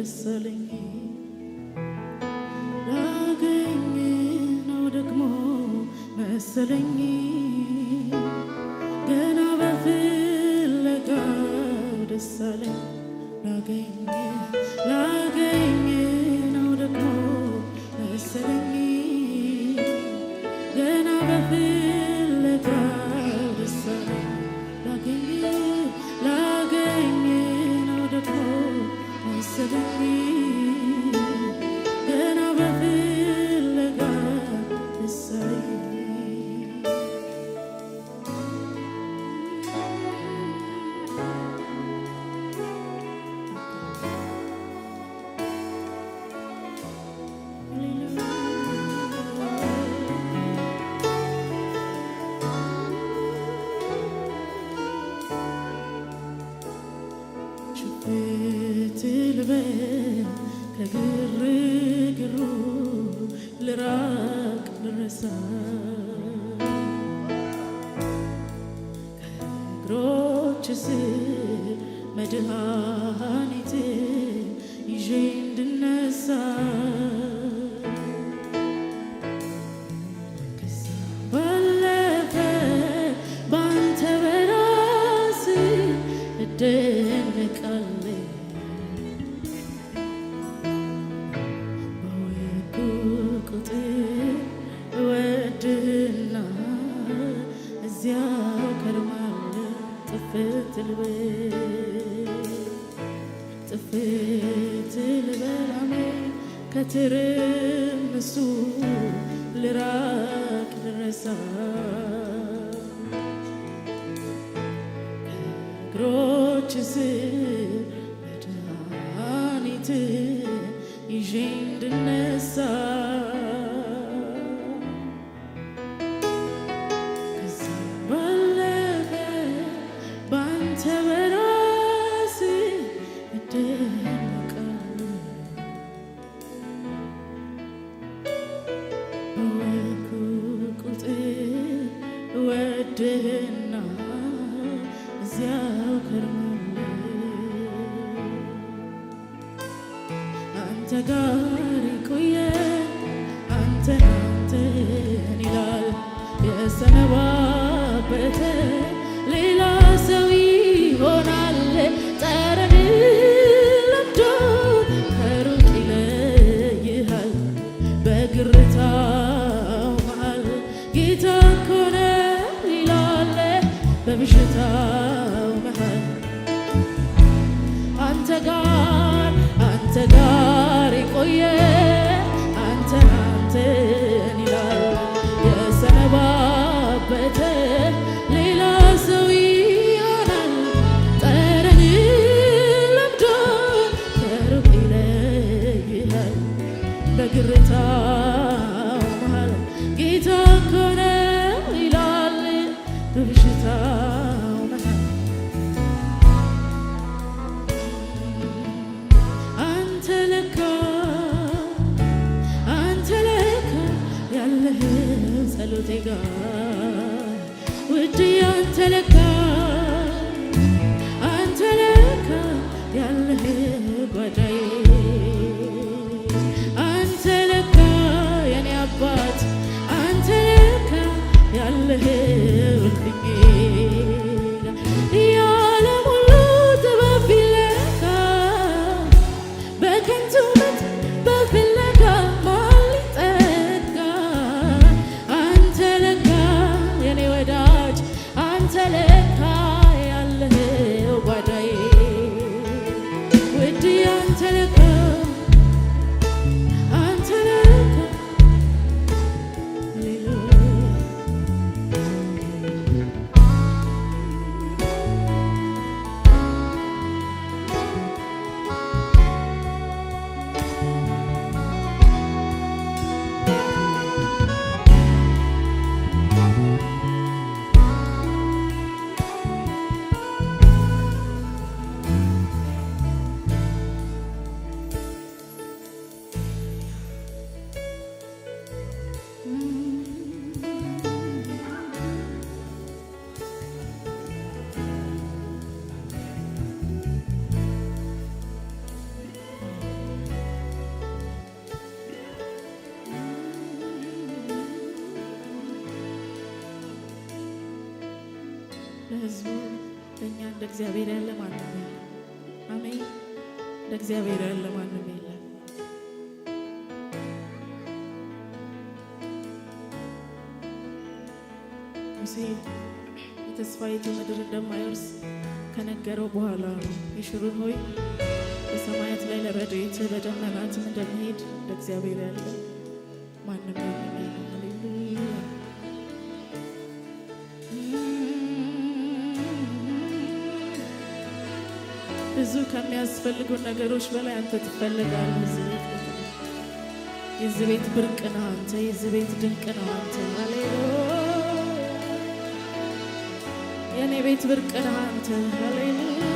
ደስ አለኝ ላገኝ ነው ደግሞ መሰለኝ ገና በፍለጋ ደስ አለኝ ላገኝ ላገኝ ነው ደግሞ መሰለኝ ገና በፍ ትልበን ከግርግሩ ልራቅ ልረሳ ከእግሮች ስር መድኃኒት ይዤ እንድነሳ ሰላሜ ከትርምሱ ልራቅ ልረሳ እግሮች ስር መድኃኒት ይዤ እንድነሳ ሌላ ሰው ይሆናል ጠረን ለምዶ ከሩቅ ይለይሃል በግርታው መሃል ጌታ እኮ ነው ይላል በብሽታው መሃል አንተ ጋር አንተ ጋር ይቆያል። ህዝቡ ከእኛ እንደ እግዚአብሔር ያለ ማንም የለም። አሜን። እንደ እግዚአብሔር ያለ ማንም የለም። ሙሴ የተስፋይቱ ምድር እንደማይወርስ ከነገረው በኋላ የሽሩን ሆይ በሰማያት ላይ ለረድኤት በደመናትም እንደሚሄድ እንደ እግዚአብሔር ያለ ማንም ከሚያስፈልጉ ነገሮች በላይ አንተ ትፈልጋለህ። የዚህ ቤት ብርቅ ነው አንተ፣ የዚህ ቤት ድንቅ ነው አንተ። ሃሌሉያ የእኔ ቤት ብርቅ ነው አንተ። ሃሌሉያ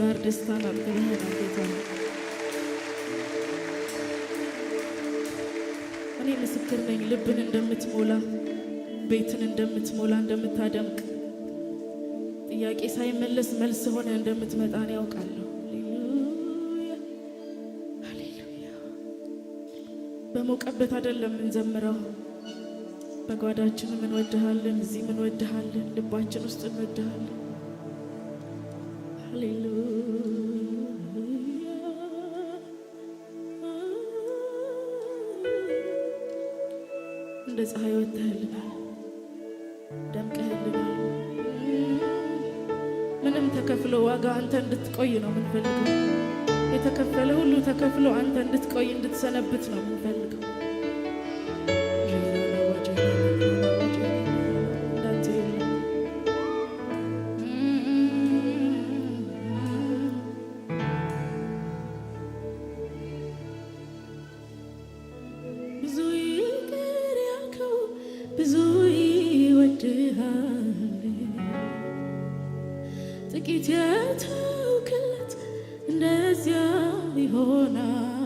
ጋር ደስታን አጥግበህናል ጌታ። እኔ ምስክር ነኝ፣ ልብን እንደምትሞላ ቤትን እንደምትሞላ እንደምታደምቅ ጥያቄ ሳይመለስ መልስ ሆነ እንደምትመጣን ነው ያውቃለሁ። በሞቀበት አይደለም እንዘምረው፣ በጓዳችን ምን እንወድሃለን፣ እዚህ ምን ወድሃለን ልባችን ውስጥ እንወድሃለን። እንደ ፀሐይ ወጥተህልናል፣ ደምቀህልናል። ምንም ተከፍሎ ዋጋ አንተ እንድትቆይ ነው የምንፈልገው። የተከፈለ ሁሉ ተከፍሎ አንተ እንድትቆይ እንድትሰነብት ነው የምንፈልገው። ጥቂት የተውክለት እንደዚያ ይሆናል።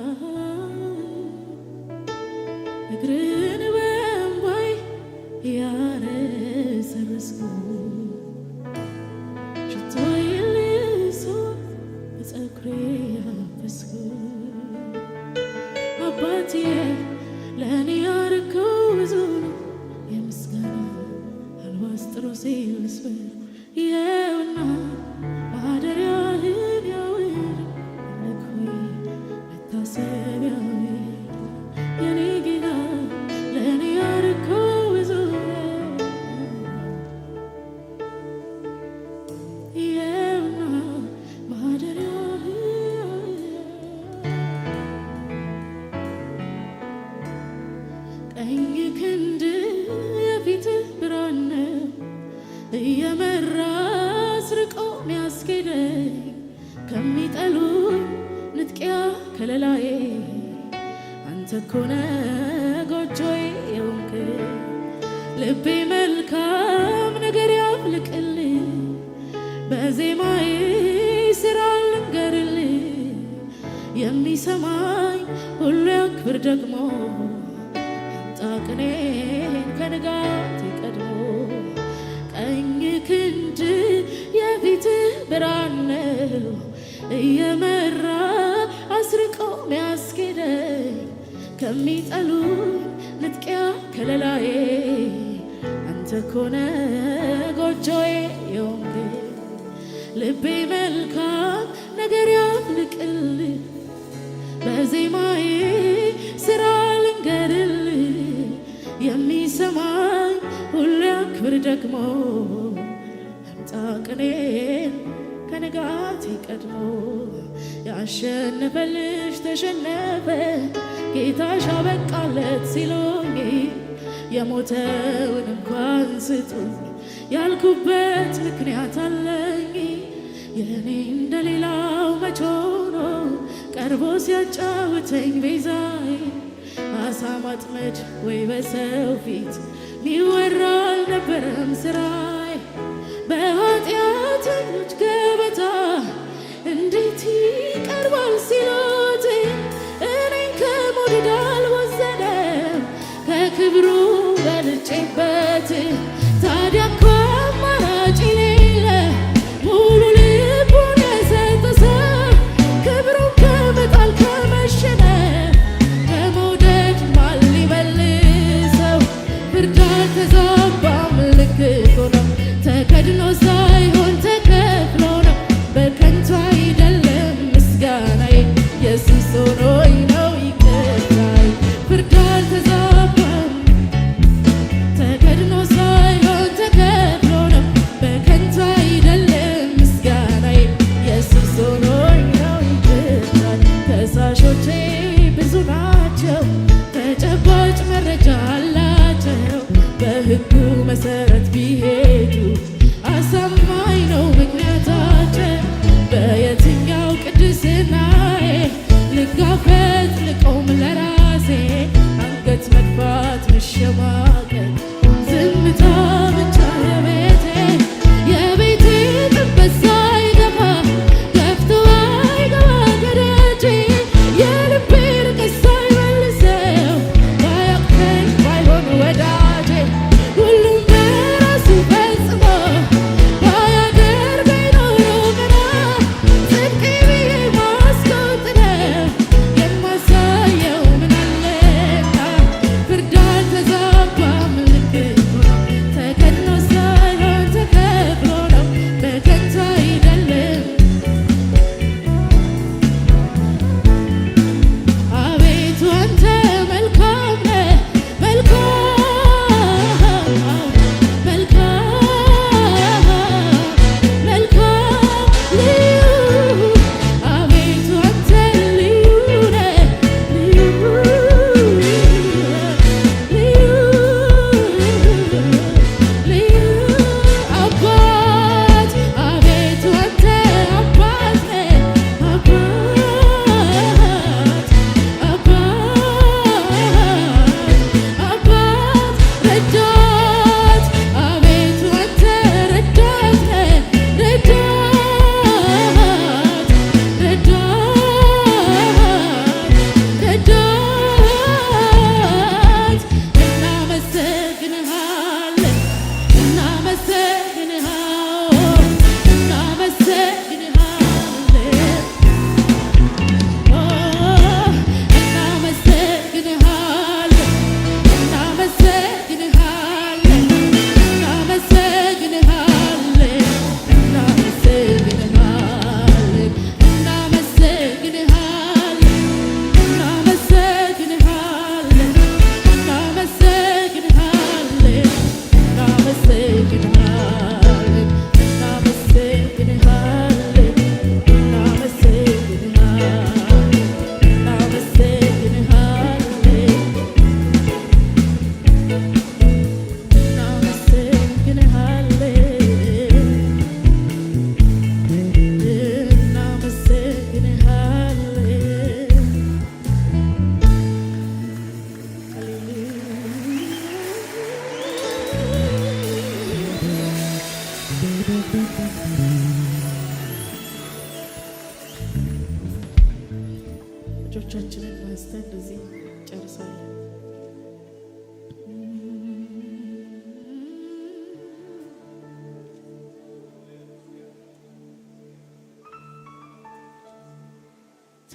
ከሚጠሉ ንጥቂያ ከለላዬ አንተ ኮነ ጎጆዬ የወንጌል ልቤ መልካም ነገር ያፍልቅል በዜማዬ ስራ ልንገርል የሚሰማኝ ሁሉ ያክብር ደግሞ አምጣ ከንጋት ቀድሞ ያሸነፈልሽ ተሸነፈ ጌታሽ አበቃለት ሲሎኝ የሞተውን እንኳን ስጡኝ ያልኩበት ምክንያት አለኝ። የኔ እንደሌላው መቼ ሆኖ ቀርቦ ሲያጫውተኝ ቤዛዬ አሳ ማጥመድ ወይ በሰው ፊት ሊወራ አልነበረም ስራዬ። በኃጢአተኞች ገበታ እንዴት ይቀርባል ሲሎ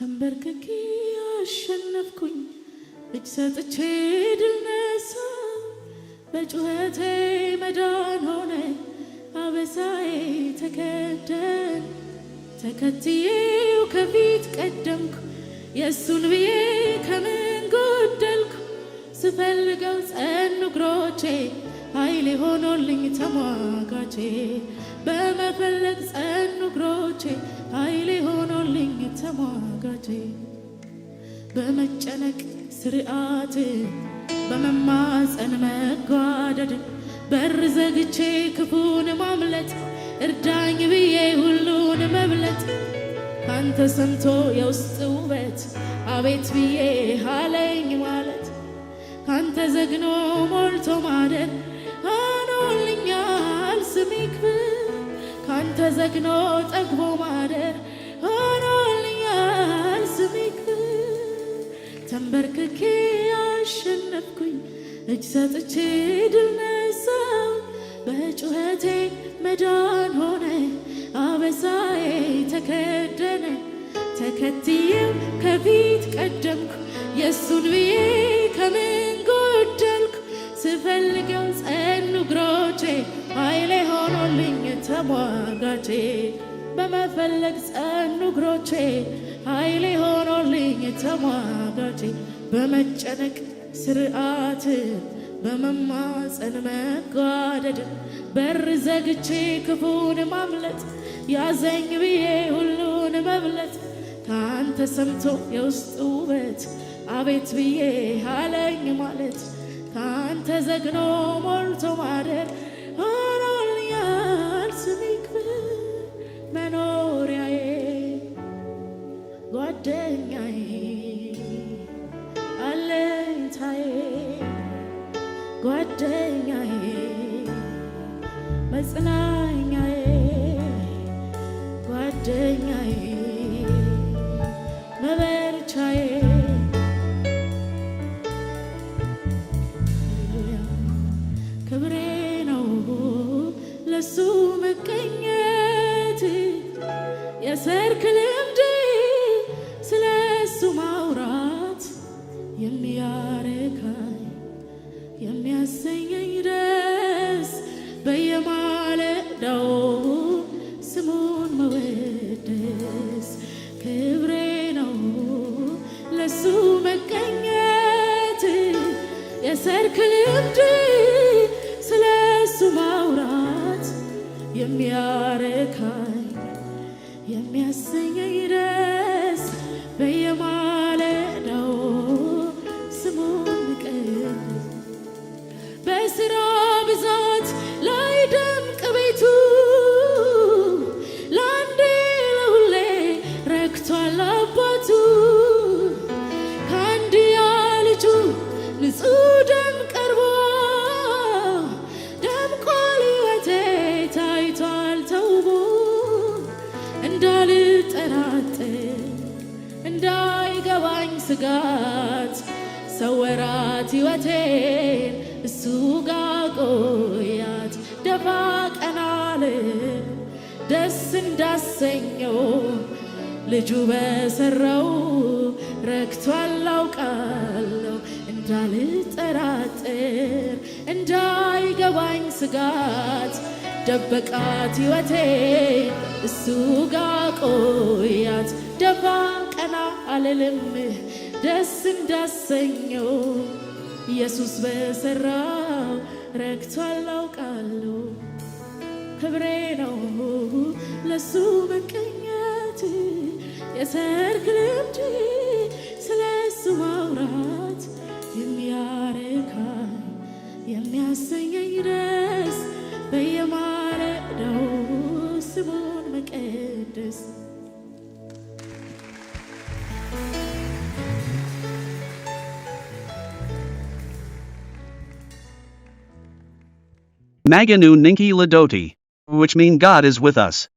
ተንበርክኬ አሸነፍኩኝ እጅ ሰጥቼ ድል ነሳ በጩኸቴ መዳን ሆነ አበሳዬ ተከደን ተከትዬው ከፊት ቀደምኩ የእሱን ብዬ ከምን ጎደልኩ ስፈልገው ጸኑ እግሮቼ ኃይሌ ሆኖልኝ ተሟጋቼ በመፈለግ ጸኑ እግሮቼ ኃይሌ ሆኖ ተሟጋች በመጨነቅ ስርዓት በመማፀን መጓደድ በር ዘግቼ ክፉን ማምለጥ እርዳኝ ብዬ ሁሉን መብለጥ ካንተ ሰምቶ የውስጥ ውበት አቤት ብዬ አለኝ ማለት ካንተ ዘግኖ ሞልቶ ማደር ሆኖልኛል ስሜ ካንተ ዘግኖ ጠግቦ ማደር ተንበርክኬ አሸነፍኩኝ እጅ ሰጥቼ ድል ነሳው በጩኸቴ መዳን ሆነ አበሳዬ ተከደነ ተከትዬው ከፊት ቀደምኩ የእሱን ብዬ ከምን ጎደልኩ ስፈልገው ጸኑ እግሮቼ ኃይሌ ሆኖልኝ ተሟጋቼ በመፈለግ ጸኑ እግሮቼ በመርጬ በመጨነቅ ስርዓት በመማፀን መጓደድ በር ዘግቼ ክፉን ማምለጥ ያዘኝ ብዬ ሁሉን መብለጥ ከአንተ ሰምቶ የውስጥ ውበት አቤት ብዬ አለኝ ማለት ከአንተ ዘግኖ ሞልቶ ማደር ሆኖልኛል ስምህ መኖሪያዬ ጓደኛዬ መጽናኛዬ ጓደኛዬ መበርቻዬ ክብሬ ነው ለሱ ሰኘው ልጁ በሰራው ረክቶ አውቃለሁ እንዳልጠራጥር እንዳይገባኝ ስጋት ደበቃት ሕይወቴ እሱ ጋ ቆያት ደፋ ቀና አልልም ደስ እንዳሰኘው ኢየሱስ በሰራው ረክቷል አውቃለሁ ክብሬ ነው ለሱ መቀኘት የሰርክ ልምድ ስለሱ ማውራት የሚያረካ የሚያሰኘኝ ደስ በየማረዳው ስሙን መቀደስ Maganu Ninki Ladoti which mean God is with us.